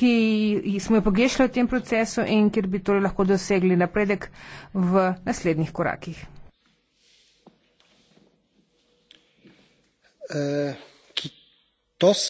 ki smo jo pogrešali v tem procesu in kjer bi torej lahko dosegli napredek v naslednjih korakih? Uh, ki, to